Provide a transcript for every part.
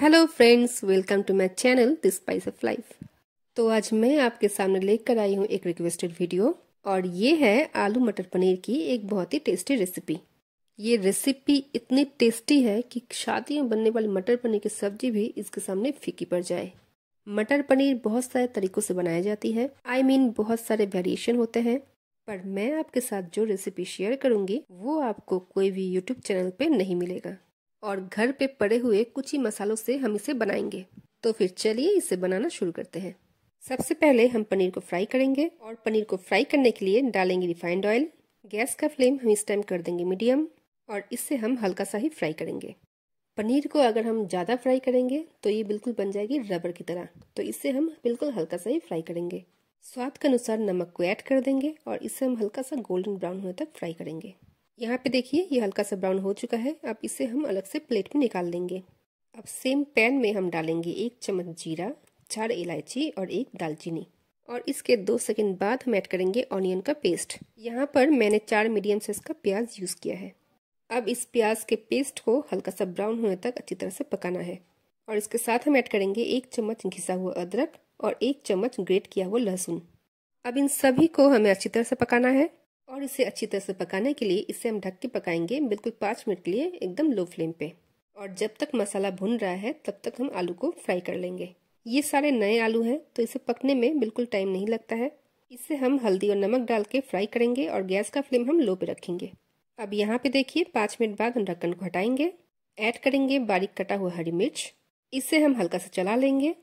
hello friends welcome to my channel the spice of life तो आज मैं आपके सामने लेकर आई हूँ एक रिक्वेस्टेड वीडियो और ये है आलू मटर पनीर की एक बहुत ही टेस्टी रेसिपी ये रेसिपी इतनी टेस्टी है कि शादी में बनने वाली मटर पनीर की सब्जी भी इसके सामने फीकी पड़ जाए मटर पनीर बहुत सारे तरीकों से बनाई जाती है आई I मीन mean, बहुत सारे वेरिएशन होते हैं पर मैं आपके साथ जो रेसिपी शेयर करूंगी वो आपको कोई भी यूट्यूब चैनल पे नहीं मिलेगा और घर पे पड़े हुए कुछ ही मसालों से हम इसे बनाएंगे तो फिर चलिए इसे बनाना शुरू करते हैं सबसे पहले हम पनीर को फ्राई करेंगे और पनीर को फ्राई करने के लिए डालेंगे रिफाइंड ऑयल गैस का फ्लेम हम इस टाइम कर देंगे मीडियम और इससे हम हल्का सा ही फ्राई करेंगे पनीर को अगर हम ज़्यादा फ्राई करेंगे तो ये बिल्कुल बन जाएगी रबर की तरह तो इससे हम बिल्कुल हल्का सा ही फ्राई करेंगे स्वाद के अनुसार नमक को ऐड कर देंगे और इसे हम हल्का सा गोल्डन ब्राउन होने तक फ्राई करेंगे यहाँ पे देखिए ये हल्का सा ब्राउन हो चुका है अब इसे हम अलग से प्लेट में निकाल लेंगे अब सेम पैन में हम डालेंगे एक चम्मच जीरा चार इलायची और एक दालचीनी और इसके दो सेकंड बाद हम ऐड करेंगे ऑनियन का पेस्ट यहाँ पर मैंने चार मीडियम साइज का प्याज यूज़ किया है अब इस प्याज के पेस्ट को हल्का सा ब्राउन होने तक अच्छी तरह से पकाना है और इसके साथ हम ऐड करेंगे एक चम्मच घिसा हुआ अदरक और एक चम्मच ग्रेट किया हुआ लहसुन अब इन सभी को हमें अच्छी तरह से पकाना है और इसे अच्छी तरह से पकाने के लिए इसे हम ढक के पकाएंगे बिल्कुल पाँच मिनट के लिए एकदम लो फ्लेम पे और जब तक मसाला भुन रहा है तब तक हम आलू को फ्राई कर लेंगे ये सारे नए आलू हैं तो इसे पकने में बिल्कुल टाइम नहीं लगता है इसे हम हल्दी और नमक डाल के फ्राई करेंगे और गैस का फ्लेम हम लो पे रखेंगे अब यहाँ पे देखिए पाँच मिनट बाद हम ढक्कन को हटाएंगे ऐड करेंगे बारीक कटा हुआ हरी मिर्च इसे हम हल्का सा चला लेंगे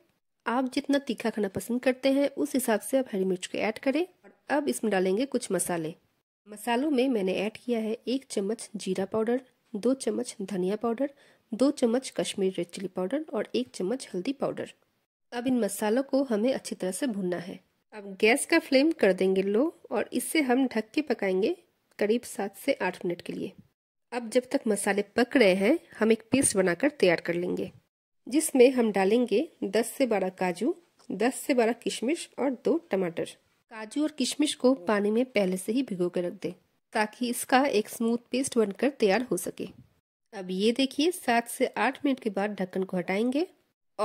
आप जितना तीखा खाना पसंद करते हैं उस हिसाब से आप हरी मिर्च को ऐड करें और अब इसमें डालेंगे कुछ मसाले मसालों में मैंने ऐड किया है एक चम्मच जीरा पाउडर दो चम्मच धनिया पाउडर दो चम्मच कश्मीर रेड चिली पाउडर और एक चम्मच हल्दी पाउडर अब इन मसालों को हमें अच्छी तरह से भुनना है अब गैस का फ्लेम कर देंगे लो और इससे हम ढक के पकाएंगे करीब सात से आठ मिनट के लिए अब जब तक मसाले पक रहे हैं हम एक पेस्ट बनाकर तैयार कर लेंगे जिसमें हम डालेंगे 10 से 12 काजू 10 से 12 किशमिश और दो टमाटर काजू और किशमिश को पानी में पहले से ही भिगो कर रख दें ताकि इसका एक स्मूथ पेस्ट बनकर तैयार हो सके अब ये देखिए सात से आठ मिनट के बाद ढक्कन को हटाएंगे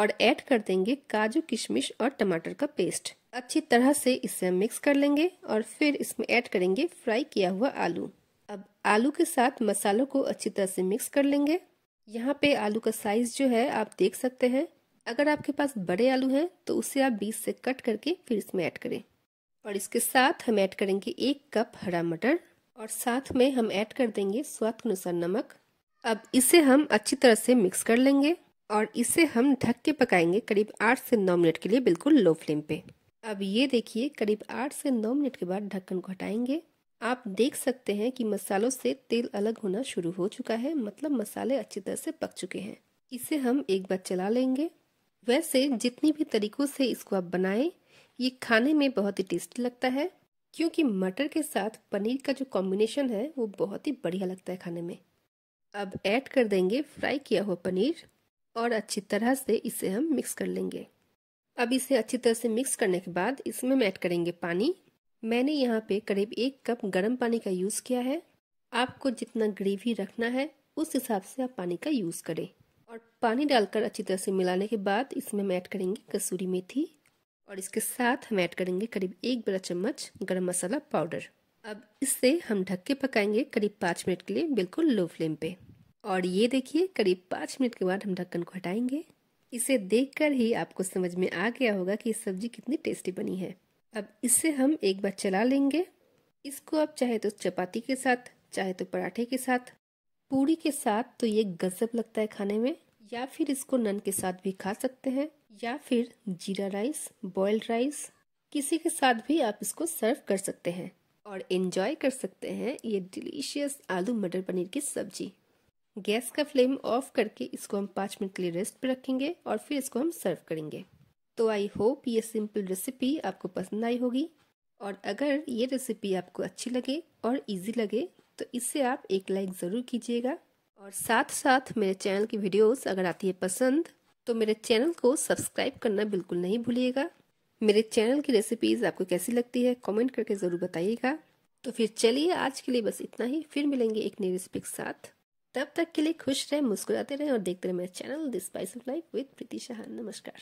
और ऐड कर देंगे काजू किशमिश और टमाटर का पेस्ट अच्छी तरह से इसे हम मिक्स कर लेंगे और फिर इसमें ऐड करेंगे फ्राई किया हुआ आलू अब आलू के साथ मसालों को अच्छी तरह से मिक्स कर लेंगे यहाँ पे आलू का साइज जो है आप देख सकते हैं अगर आपके पास बड़े आलू हैं तो उसे आप बीस से कट करके फिर इसमें ऐड करें और इसके साथ हम ऐड करेंगे एक कप हरा मटर और साथ में हम ऐड कर देंगे स्वाद के अनुसार नमक अब इसे हम अच्छी तरह से मिक्स कर लेंगे और इसे हम ढक के पकाएंगे करीब आठ से नौ मिनट के लिए बिल्कुल लो फ्लेम पे अब ये देखिए करीब आठ से नौ मिनट के बाद ढक्कन को हटाएंगे आप देख सकते हैं कि मसालों से तेल अलग होना शुरू हो चुका है मतलब मसाले अच्छी तरह से पक चुके हैं इसे हम एक बार चला लेंगे वैसे जितनी भी तरीकों से इसको आप बनाएं ये खाने में बहुत ही टेस्टी लगता है क्योंकि मटर के साथ पनीर का जो कॉम्बिनेशन है वो बहुत ही बढ़िया लगता है खाने में अब ऐड कर देंगे फ्राई किया हुआ पनीर और अच्छी तरह से इसे हम मिक्स कर लेंगे अब इसे अच्छी तरह से मिक्स करने के बाद इसमें हम ऐड करेंगे पानी मैंने यहाँ पे करीब एक कप गर्म पानी का यूज़ किया है आपको जितना ग्रेवी रखना है उस हिसाब से आप पानी का यूज़ करें और पानी डालकर अच्छी तरह से मिलाने के बाद इसमें हम ऐड करेंगे कसूरी मेथी और इसके साथ हम ऐड करेंगे करीब एक बड़ा चम्मच गरम मसाला पाउडर अब इससे हम ढक के पकाएंगे करीब पाँच मिनट के लिए बिल्कुल लो फ्लेम पे और ये देखिए करीब पाँच मिनट के बाद हम ढक्कन को हटाएंगे इसे देखकर ही आपको समझ में आ गया होगा कि ये सब्जी कितनी टेस्टी बनी है अब इससे हम एक बार चला लेंगे इसको आप चाहे तो चपाती के साथ चाहे तो पराठे के साथ पूरी के साथ तो ये गजब लगता है खाने में या फिर इसको नन के साथ भी खा सकते हैं या फिर जीरा राइस बॉयल्ड राइस किसी के साथ भी आप इसको सर्व कर सकते हैं और इन्जॉय कर सकते हैं ये डिलीशियस आलू मटर पनीर की सब्जी गैस का फ्लेम ऑफ करके इसको हम पाँच मिनट के लिए रेस्ट पर रखेंगे और फिर इसको हम सर्व करेंगे तो आई होप ये सिंपल रेसिपी आपको पसंद आई होगी और अगर ये रेसिपी आपको अच्छी लगे और इजी लगे तो इससे आप एक लाइक ज़रूर कीजिएगा और साथ साथ मेरे चैनल की वीडियोस अगर आती है पसंद तो मेरे चैनल को सब्सक्राइब करना बिल्कुल नहीं भूलिएगा मेरे चैनल की रेसिपीज़ आपको कैसी लगती है कमेंट करके ज़रूर बताइएगा तो फिर चलिए आज के लिए बस इतना ही फिर मिलेंगे एक नई रेसिपी के साथ तब तक के लिए खुश रहें मुस्कुराते रहें और देखते रहें मेरा channel this spice of life with Preeti Shah नमस्कार